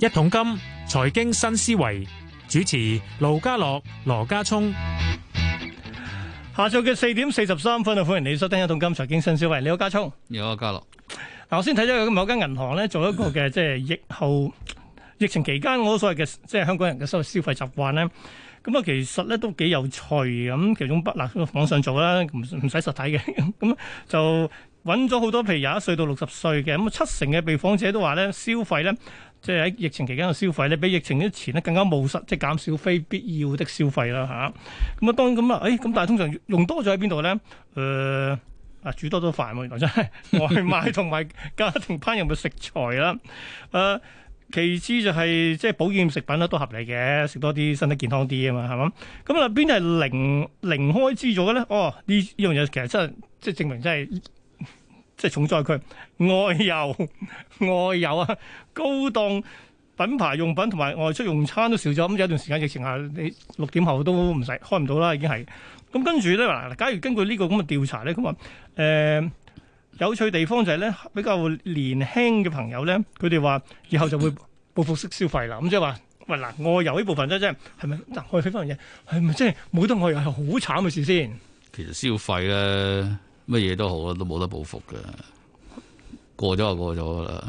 一桶金財經新思維，主持盧家樂羅家聰，下晝嘅四點四十三分啊，歡迎你收聽一桶金財經新思維。你好，家聰，你好，家樂。嗱，我先睇咗某間銀行咧，做一個嘅即係疫後疫情期間我所謂嘅即係香港人嘅消費習慣咧。咁啊，其實咧都幾有趣咁，其中不難網上做啦，唔唔使實體嘅咁就。揾咗好多，譬如廿一歲到六十歲嘅，咁七成嘅被訪者都話咧消費咧，即係喺疫情期間嘅消費咧，比疫情之前咧更加務實，即係減少非必要的消費啦吓，咁啊當然咁啊，誒、哎、咁但係通常用多咗喺邊度咧？誒、呃、啊煮多咗飯喎，原來真係外賣同埋家庭烹飪嘅食材啦。誒 其次就係即係保健食品咧都合理嘅，食多啲身體健康啲啊嘛，係咪？咁啊邊係零零開支咗嘅咧？哦呢呢樣嘢其實真係即係證明真係。即係重災區，外遊外遊啊，高檔品牌用品同埋外出用餐都少咗。咁有一段時間疫情下，你六點後都唔使開唔到啦，已經係。咁跟住咧嗱，假如根據呢個咁嘅調查咧，咁啊誒有趣地方就係咧比較年輕嘅朋友咧，佢哋話以後就會報復式消費啦。咁 即係話喂嗱，外遊呢部分咧，即係係咪嗱？我睇翻樣嘢係咪即係冇得外遊係好慘嘅事先？其實消費咧、啊。乜嘢都好，都冇得報復嘅，過咗就過咗啦。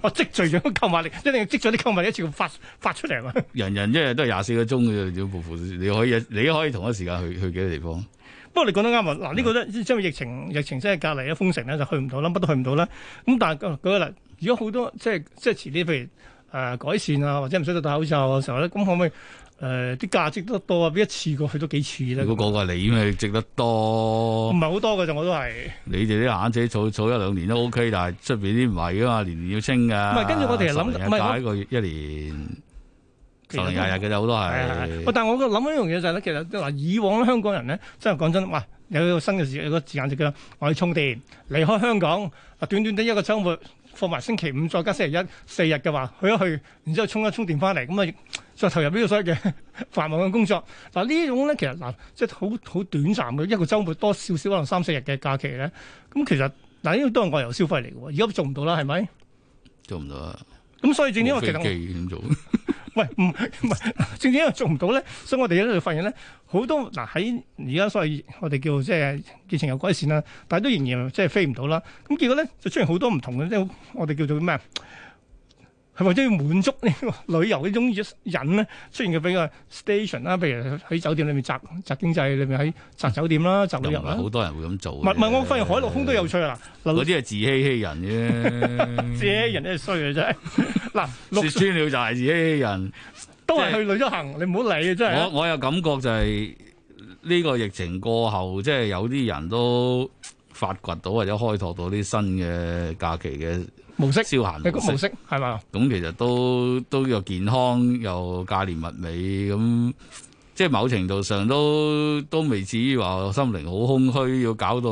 我 積聚咗啲購物力，一定要積咗啲購物力，一次發發出嚟嘛。人人一日都係廿四個鐘嘅，要你可以，你可以同一時間去去幾個地方。不過你講得啱啊，嗱、這個、呢個咧，因為疫情，疫情真係隔離啊，封城咧就去唔到啦，乜都去唔到啦。咁但係嗰嗰嗱，如果好多即係即係遲啲，譬如誒、呃、改善啊，或者唔使要戴口罩嘅時候咧，咁可唔可以？誒、呃，啲價值得多啊！比一次過去都幾次咧？如果個個係你咩，值得多？唔係好多嘅就我都係。你哋啲眼仔儲儲一兩年都 OK，但係出邊啲唔係噶嘛，年年要清噶。唔、嗯、係，跟住我哋係諗，唔係我一個月一、嗯、年十零廿日嘅好多係。但係我個諗一樣嘢就係咧，其實嗱，其實以往香港人呢，真係講真，哇！有個新嘅字，有個字眼就叫我要充電，離開香港短短啲一個週末，放埋星期五再加星期一四日嘅話，去一去，然之後充一充電翻嚟，咁啊！就投入呢個所謂嘅繁忙嘅工作。嗱、啊、呢種咧，其實嗱、啊、即係好好短暫嘅一個週末多，多少少可能三四日嘅假期咧。咁、啊、其實嗱呢個都係外遊消費嚟嘅喎。而家做唔到啦，係咪？做唔到啦。咁、啊、所以正點我其實我飛機點做？ 喂，唔唔係，正點因為做唔到咧，所以我哋一路就發現咧好多嗱喺而家所謂我哋叫即係疫情又改善啦，但係都仍然即係飛唔到啦。咁、啊、結果咧就出現好多唔同嘅，即係我哋叫做咩啊？係咪都要滿足呢個旅遊種人呢種引咧？出現嘅比較 station 啦，譬如喺酒店裏面宅宅經濟裏面喺宅酒店啦，宅旅遊啦，好多人會咁做。唔係唔係，我，發現海陸空都有趣啦。嗰啲係自欺欺人啫， 自欺欺人真係衰啊！真係嗱，説穿了就係自欺欺人，都係去旅咗行，你唔好理啊！真係。我我有感覺就係呢個疫情過後，即係有啲人都。發掘到或者開拓到啲新嘅假期嘅模式，消閒模式係嘛？咁、那個、其實都都又健康又價廉物美，咁即係某程度上都都未至於話心靈好空虛，要搞到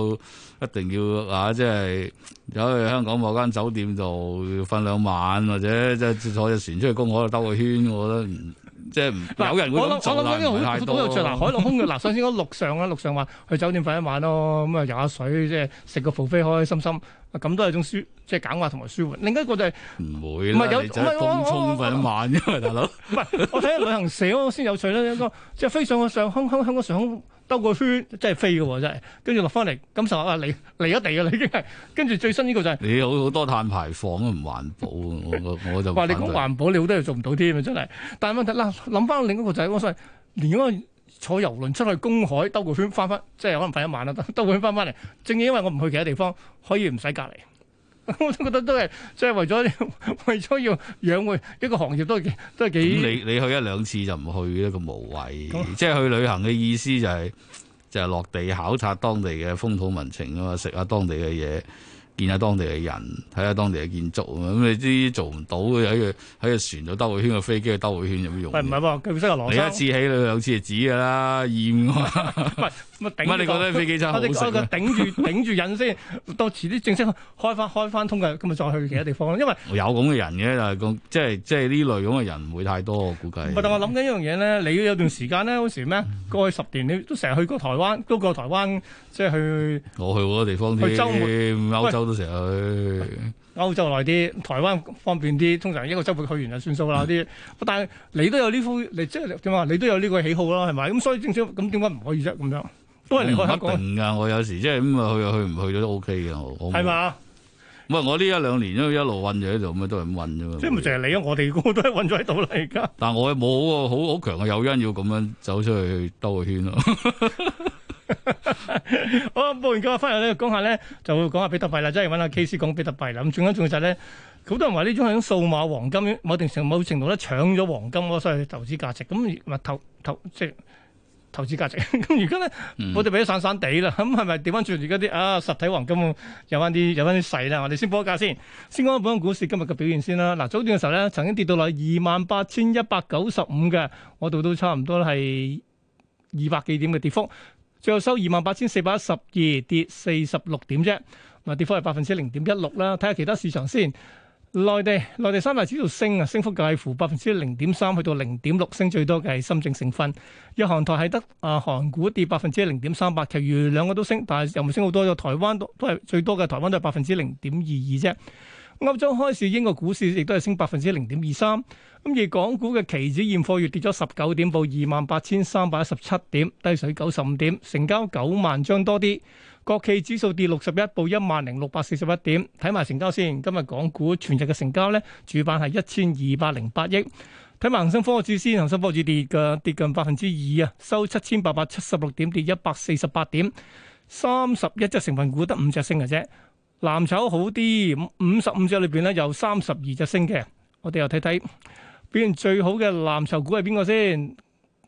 一定要啊！即係走去香港某間酒店度瞓兩晚，或者即係坐隻船出去公海兜個圈，我覺得。嗯即係唔有人會咁難度太大到。嗱，海陸空嘅，嗱，首先講陸上啦，陸上話去酒店瞓一晚咯，咁啊游下水，即係食個 buffet 開開心心，咁都係一種舒，即係減壓同埋舒緩。另一個就係、是、唔會唔係有東涌瞓一晚唔係我我我我 我我我我我睇下旅行社先有趣，我我我我我我我我我我我上我我我我我我兜個圈真係飛嘅喎，真係跟住落翻嚟咁就話啊！離離咗地啊，已經係跟住最新呢個就係、是、你好好多碳排放都唔環保，我我就話你講環保，你好多嘢做唔到添啊！真係，但係問題啦，諗翻另一個就係、是、我話連嗰個坐遊輪出去公海兜個圈翻翻，即係可能瞓一晚啦，兜個圈翻翻嚟，正因為我唔去其他地方，可以唔使隔離。 我都覺得都係，即係為咗為咗要養活一個行業都係都係幾。幾你你去一兩次就唔去咧，咁，呢個無謂。即係去旅行嘅意思就係就係落地考察當地嘅風土民情啊嘛，食下當地嘅嘢，見下當地嘅人，睇下當地嘅建築，咁你啲做唔到，喺個喺個船度兜迴圈，個飛機去兜迴圈有咩用？唔係喎，佢唔識阿羅第一次起你兩次就止噶啦，厭。 乜你覺得飛機真好食？我哋我個頂住頂住癮先， 到遲啲正式開翻開翻通嘅，咁咪再去其他地方咯。因為我有咁嘅人嘅，即係即係呢類咁嘅人唔會太多，我估計。但我諗緊一樣嘢呢：你有段時間呢，好時咩？過去十年你都成日去過台灣，都過台灣即係去。我去好多地方去添，歐洲都成日去。歐洲耐啲，台灣方便啲。通常一個周末去完就算數啦啲、嗯。但係你都有呢副，你即係點講？你都有呢個喜好啦，係咪？咁所以正式咁點解唔可以啫？咁樣。都係定噶，我有時即係咁啊，去啊去唔去都 O K 嘅。係係嘛？我呢一兩年一都一路混住喺度，咁都係咁混啫嘛。即係唔係淨係你我啊？我哋都係混咗喺度嚟㗎？但係我冇好好強嘅誘因要咁樣走出去兜個圈咯。我 報完家返翻嚟咧，講下咧，就講下比特幣啦，即係搵阿 K 師講比特幣啦。咁仲有仲就就咧，好多人話呢種係種數碼黃金，某程度某程度咧搶咗黃金咯，所謂投資價值咁咪投投即係。投資價值咁而家咧，我哋俾啲散散地啦。咁係咪調翻轉而家啲啊實體黃金有翻啲有翻啲勢啦？我哋先報一價先，先講一講股市今日嘅表現先啦。嗱，早段嘅時候咧，曾經跌到落二萬八千一百九十五嘅，我度都差唔多係二百幾點嘅跌幅，最後收二萬八千四百一十二，跌四十六點啫。嗱，跌幅係百分之零點一六啦。睇下其他市場先。內地內地三大指數升啊，升幅介乎百分之零點三去到零點六，升最多嘅係深圳成分。日韓台係得啊，韓股跌百分之零點三八，其餘兩個都升，但係又唔升好多，台灣都都係最多嘅，台灣都係百分之零點二二啫。歐洲開市，英國股市亦都係升百分之零點二三。咁而港股嘅期指現貨月跌咗十九點，報二萬八千三百一十七點，低水九十五點，成交九萬張多啲。國企指數跌六十一，報一萬零六百四十一點。睇埋成交先，今日港股全日嘅成交咧，主板係一千二百零八億。睇埋恒生科技指先，恒生科技跌嘅跌近百分之二啊，收七千八百七十六點，跌一百四十八點。三十一隻成分股得五隻升嘅啫。藍籌好啲，五十五隻裏邊咧有三十二隻升嘅。我哋又睇睇，表現最好嘅藍籌股係邊個先？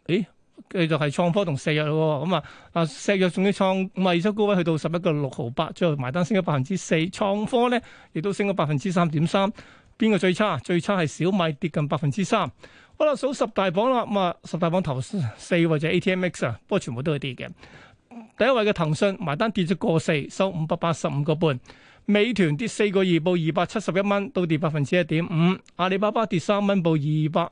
誒，繼續係創科同石藥咯。咁、嗯、啊，啊石藥仲要創唔係、嗯、二周高位去到十一個六毫八，最後埋單升咗百分之四。創科咧亦都升咗百分之三點三。邊個最差？最差係小米跌近百分之三。好啦，數十大榜啦。咁、嗯、啊，十大榜頭四或者 ATMX 啊，不過全部都係跌嘅。第一位嘅騰訊埋單跌咗個四，收五百八十五個半；美團跌四個二，報二百七十一蚊，都跌百分之一點五；阿里巴巴跌三蚊，報二百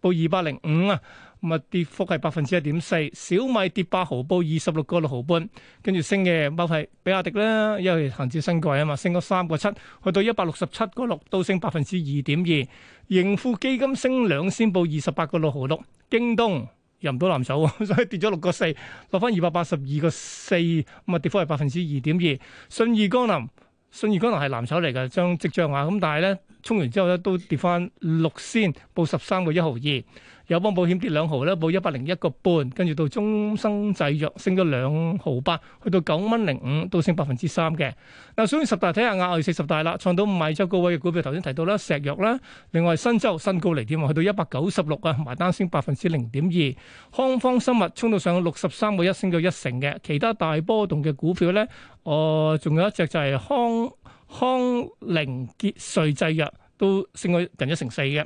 報二百零五啊，咁啊跌幅係百分之一點四；小米跌八毫，報二十六個六毫半，跟住升嘅，包括比亞迪啦，因為行至新季啊嘛，升咗三個七，去到一百六十七個六，都升百分之二點二；盈富基金升兩仙，報二十八個六毫六；京東。入唔到藍手，所以跌咗六個四，落翻二百八十二個四，咁啊跌幅係百分之二點二。信義江南，信義江南係藍手嚟㗎，將直漲下，咁但係咧，衝完之後咧都跌翻六仙，報十三個一毫二。友邦保險跌兩毫咧，報一百零一個半，跟住到中生製藥升咗兩毫八，去到九蚊零五，都升百分之三嘅。嗱，所以十大睇下，額外四十大啦，創到五米周高位嘅股票，頭先提到啦，石藥啦，另外新洲新高嚟添，去到一百九十六啊，埋單升百分之零點二。康方生物衝到上六十三個一，升咗一成嘅。其他大波動嘅股票咧，我、呃、仲有一隻就係康康寧傑瑞製藥，都升開近一成四嘅。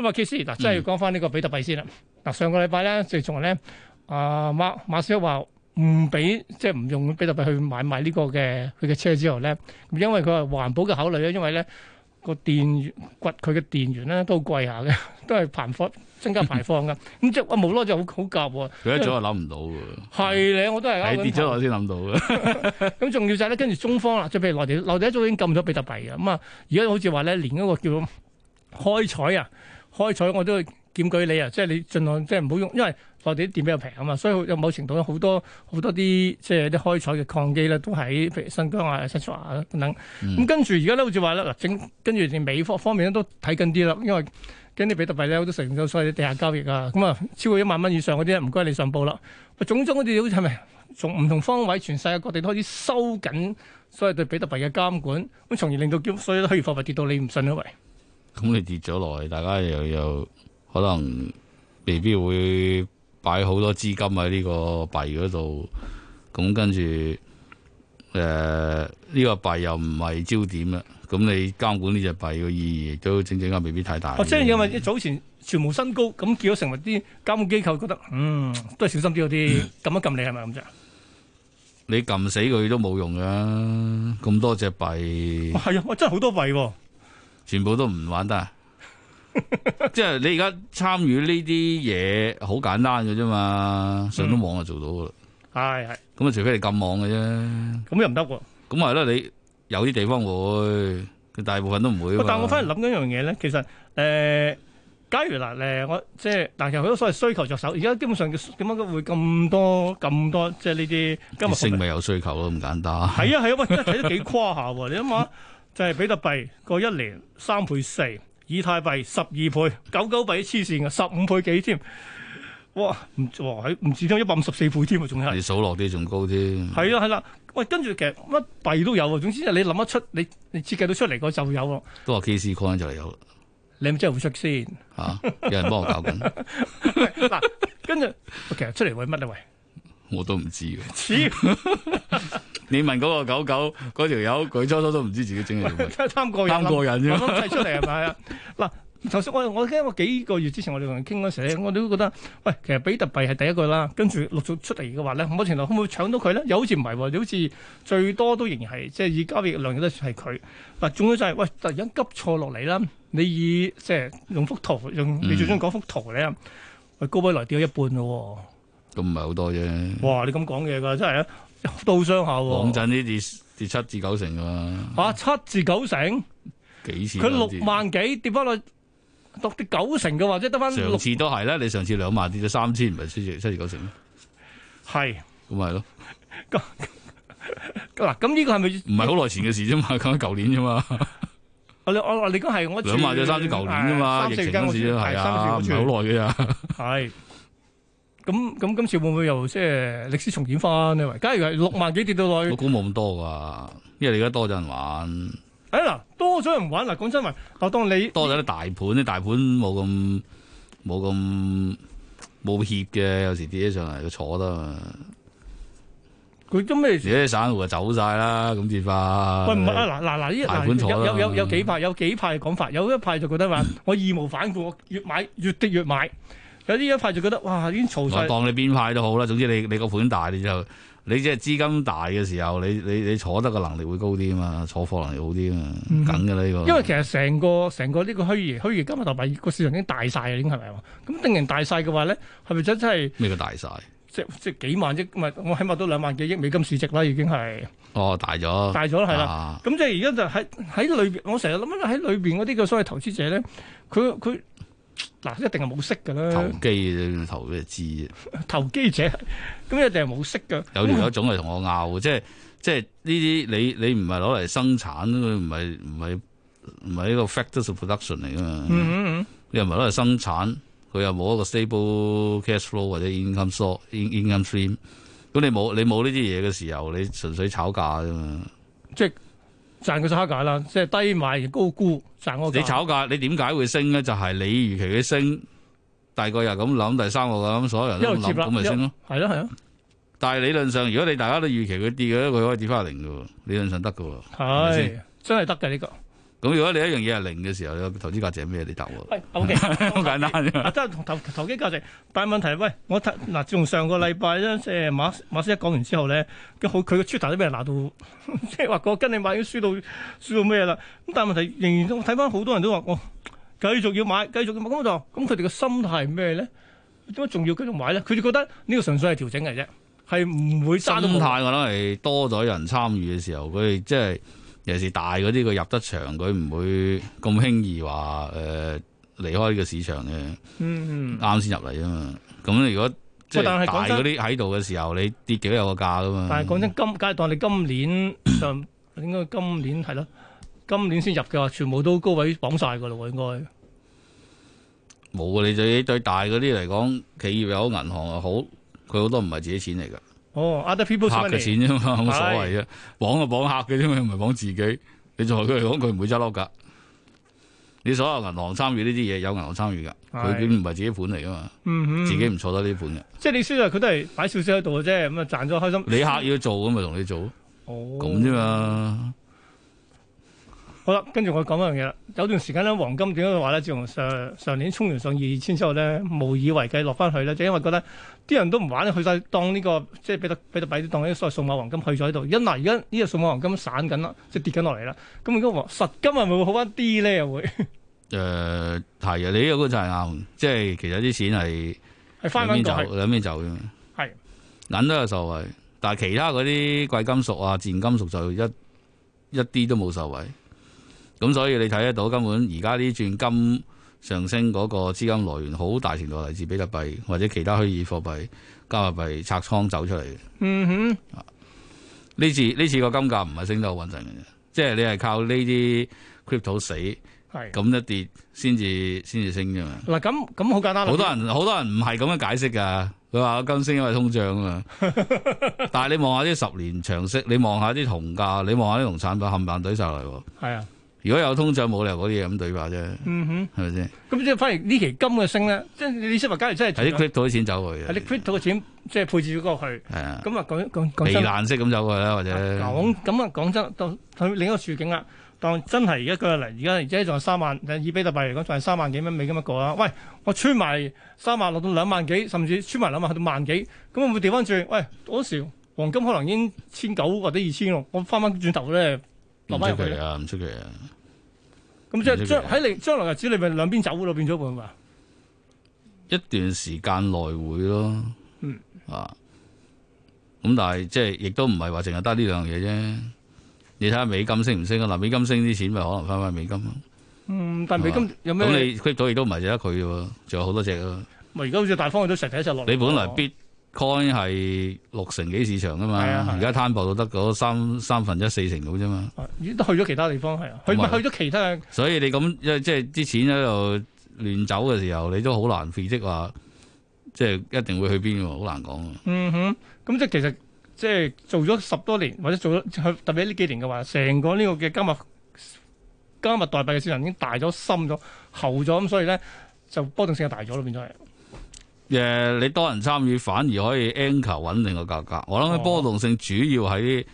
咁啊，KC 嗱，真係要講翻呢個比特幣先啦。嗱、嗯，上個禮拜咧，就從來咧，阿、啊、馬馬斯克話唔俾，即係唔用比特幣去買賣呢個嘅佢嘅車之後咧，因為佢係環保嘅考慮咧，因為咧個電掘佢嘅電源咧都貴下嘅，都係排放增加排放嘅。咁即係我無啦就好好夾喎。佢一早就諗唔到㗎。係咧，我都係。係跌咗我先諗到嘅。咁 重要就係咧，跟住中方啦，即譬如內地，內地,內地一早已經禁咗比特幣嘅。咁啊，而家好似話咧，連嗰個叫開採啊。開採我都檢舉你啊！即係你盡量即係唔好用，因為內地啲電比較平啊嘛，所以有某程度有好多好多啲即係啲開採嘅礦機咧，都喺譬如新疆啊、新疆啊等等。咁、嗯、跟住而家咧，好似話咧嗱，整跟住連美國方面咧都睇緊啲啦，因為跟啲比特幣咧都成到所謂啲地下交易啊。咁啊，超過一萬蚊以上嗰啲唔該你上報啦。總總好啲好似係咪從唔同方位全世界各地都開始收緊所謂的對比特幣嘅監管，咁從而令到咁所有虛擬貨幣跌到你唔信一位。咁你跌咗落嚟，大家又又可能未必會擺好多資金喺呢個幣嗰度，咁跟住誒呢個幣又唔係焦點啦。咁你監管呢隻幣嘅意義亦都整整間未必太大。即、啊、係因為早前全部新高，咁叫咗成為啲監管機構覺得，嗯，都係小心啲嗰啲，撳、嗯、一撳你係咪咁啫？你撳死佢都冇用噶，咁多隻幣。係啊，啊，啊，真係好多幣、啊。全部都唔玩得， 即係你而家參與呢啲嘢好簡單嘅啫嘛，上到網就做到噶啦。係、嗯、係，咁啊，除非你禁網嘅啫，咁又唔得喎。咁啊，咧你有啲地方會，大部分都唔會。但我反而諗緊一樣嘢咧，其實誒、呃，假如嗱誒、呃，我即係，但係其實好多所謂需求著手。而家基本上點解會咁多咁多即係呢啲金性咪有需求咯？咁簡單。係啊，係啊，喂、啊，真係睇得幾誇下喎！你諗下。就係比特幣個一年三倍四，以太幣十二倍，狗狗幣黐線嘅十五倍幾添，哇唔喎佢唔止咗一百五十四倍添啊，仲有你數落啲仲高添！係啦係啦，喂跟住其實乜幣都有，總之你諗得出你你設計到出嚟個就有咯。都話 KC Coin 就嚟有啦，你咪真係會出先嚇、啊？有人幫我搞緊。嗱跟住其實出嚟為乜啊？喂，我都唔知嘅。 你問嗰個狗狗嗰條友，佢初初都唔知自己整係做咩？三個人，三 個人，過人 出嚟係咪啊？嗱， 頭先我我喺我幾個月之前，我哋同人傾嗰時咧，我都覺得，喂，其實比特幣係第一個啦，跟住陸續出嚟嘅話咧，冇前途，可唔可以搶到佢咧？又好似唔係喎，你好似最多都仍然係即係以交易量都係佢。嗱，總之就係、是，喂，突然急挫落嚟啦，你以即係用幅圖，用你最中意嗰幅圖咧，喂，高位來掉一半咯喎，都唔係好多啫。哇！你咁講嘢㗎，真係啊！到商下喎、啊，港跌跌七至九成噶、啊、嘛，啊七至九成，幾錢、啊？佢六萬幾跌翻到六跌九成嘅、啊、話，即係得翻。上次都係啦，你上次兩萬跌咗三千，唔係七七至九成係、啊，係，咁咪咯。嗱， 咁呢個係咪？唔係好耐前嘅事啫嘛，講緊舊年啫嘛。我我你講係我兩萬再三折，舊年啫嘛，疫情嗰時係啊，唔係好耐嘅呀。係、啊。 咁、嗯、咁、嗯、今次會唔會又即係歷史重演翻咧？假如係六萬幾跌到落我估冇咁多噶，因為你而家多咗人玩。哎嗱，多咗人玩嗱，講真話，我當你多咗啲大盤，啲大盤冇咁冇咁冇怯嘅，有時跌起上嚟，佢坐得。佢都咩？啲散戶就走晒啦，咁做法。喂唔係啊，嗱嗱嗱，大盤有有有，有幾派，有幾派講法，有一派就覺得話、嗯，我義無反顧，我越買越跌越買。越有啲一派就覺得哇，已經嘈曬。當你變派都好啦，總之你你個盤大你就你即係資金大嘅時候，你你你坐得個能力會高啲啊嘛，坐貨能力好啲啊嘛，梗嘅呢個。因為其實成個成個呢個虛擬虛擬金物大幣個市場已經大晒啊，已經係咪咁定型大晒嘅話咧，係咪真真係咩叫大晒？即即幾萬億咪我起碼都兩萬幾億美金市值啦，已經係。哦，大咗。大咗係啦。咁即係而家就喺喺裏邊，我成日諗喺裏邊嗰啲嘅所謂投資者咧，佢佢。佢嗱，一定係冇識噶啦，投機嘅投嘅字，投機 者咁一定係冇識噶。有有一種係同我拗 即係即係呢啲你你唔係攞嚟生產，唔係唔係唔係呢個 factors of production 嚟噶嘛？你又唔係攞嚟生產，佢又冇一個 stable cash flow 或者 income source, income stream。咁你冇你冇呢啲嘢嘅時候，你純粹炒價啫嘛。即賺個差價啦，即係低買高沽賺你炒價，你點解會升咧？就係、是、你預期佢升，第二個又咁諗，第三個咁，所有人都諗咁咪升咯。係咯，係咯。但係理論上，如果你大家都預期佢跌嘅，佢可以跌翻零嘅，理論上得喎。係真係得㗎呢個。咁如果你一樣嘢係零嘅時候，投資價值係咩？你答我。喂，好簡單。啊， 即係投投機價值，但係問題，喂，我嗱自從上個禮拜嗰陣時馬馬斯一講完之後咧，佢佢嘅出頭都俾人拿到，即係話個跟你買已經輸到輸到咩啦？咁但係問題仍然中睇翻好多人都話我、哦、繼續要買，繼續要買咁就，咁佢哋嘅心態係咩咧？點解仲要繼續買咧？佢哋覺得呢個純粹係調整嚟啫，係唔會。心態我覺得係多咗人參與嘅時候，佢哋即係。尤其是大嗰啲佢入得場，佢唔會咁輕易話誒、呃、離開呢個市場嘅。嗯，啱、嗯、先入嚟啊嘛。咁如果即係大嗰啲喺度嘅時候，你跌幾多有個價噶嘛。但係講真，今當你今年上、 啊，應該今年係咯，今年先入嘅話，全部都高位綁晒噶啦，應該。冇啊！你對對大嗰啲嚟講，企業又好，銀行又好，佢好多唔係自己錢嚟噶。哦、oh，other people 嘅錢啫嘛，冇所謂嘅，yes. 綁就綁客嘅啫，唔係綁自己。你再佢嚟講，佢唔會執笠㗎。你所有銀行參與呢啲嘢有銀行參與㗎，佢點唔係自己嘅款嚟㗎嘛？Mm-hmm. 自己唔錯得呢款嘅。即係你雖然佢都係擺少少喺度嘅啫，咁啊賺咗開心。你客要做咁咪同你做，哦、oh，咁啫嘛。好啦，跟住我講一樣嘢啦。有段時間咧，黃金點解話咧，自從上上年衝完上二千之後咧，無以為繼落翻去咧，就因為覺得啲人都唔玩，去晒當呢、這個即係比特比特幣當啲所謂數碼黃金去咗喺度。而家嗱，而家呢個數碼黃金散緊啦、 呃，即係跌緊落嚟啦。咁如果實金係咪會好翻啲咧？又會誒係啊！你呢個就係啱，即係其實啲錢係翻緊走。有咩走嘅係銀都有受惠，但係其他嗰啲貴金屬啊、賤金屬就一一啲都冇受惠。咁所以你睇得到根本而家呢轉金上升嗰個資金來源，好大程度嚟自比特幣或者其他虛擬貨幣、加密幣拆倉走出嚟嘅。嗯哼，呢次呢次個金價唔係升得好穩陣嘅，即係你係靠呢啲 crypto 死咁一跌先至先至升嘅嘛。嗱咁咁好簡單。好多人好多人唔係咁樣解釋㗎，佢話金升因為通脹啊嘛。 但係你望下啲十年長息，你望下啲銅價，你望下啲農產品冚唪唥堆晒嚟喎。係啊。如果有通脹冇理由，嗰啲嘢咁對話啫。嗯哼，係咪先？咁即係反而呢期金嘅升咧，即係你識話，假如真係係啲 crypto 到啲錢走去你 crypto 到嘅錢即係、就是、配置咗過去。係啊，咁啊講講講真，避難式咁走去啦，或者講咁啊講真，當去另一個處境啦。當真係而家佢嚟，而家而家仲有三萬，以比特幣嚟講仲係三萬幾蚊美金一個啦。喂，我穿埋三萬落到兩萬幾，甚至穿埋兩萬去到萬幾，咁會唔會調翻轉？喂，嗰時黃金可能已經千九或者二千六，我翻翻轉頭咧。唔出奇啊！唔出奇啊！咁即係將喺嚟將來日子，咪兩邊走咯，變咗一半啊！一段時間來回咯，啊，咁但係即係亦都唔係話淨係得呢兩樣嘢啫。你睇下美金升唔升啊？嗱，美金升啲錢咪可能返返美金咯。嗯，但係美，美，美，、嗯、美金有咩？咁你追到亦都唔係只得佢喎，仲有好多隻喎。咪而家好似大方向都實體一實落。你本來必 coin 係六成幾市場啊嘛，而家攤薄到得嗰三三分之一四成到啫嘛，已、啊、都去咗其他地方係啊，佢唔去咗其他。所以你咁即係啲錢喺度亂走嘅時候，你都好難預測話即係一定會去邊喎，好難講啊。嗯哼，咁即係其實即係做咗十多年，或者做咗特別呢幾年嘅話，成個呢個嘅加密加密代幣嘅市場已經大咗、深咗、厚咗，咁所以咧就波動性就大咗咯，變咗係。誒、yeah,，你多人參與反而可以 anchor 穩定個價格,格。我諗佢波動性主要喺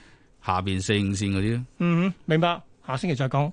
下面四五線嗰啲、哦。嗯，明白。下星期再講。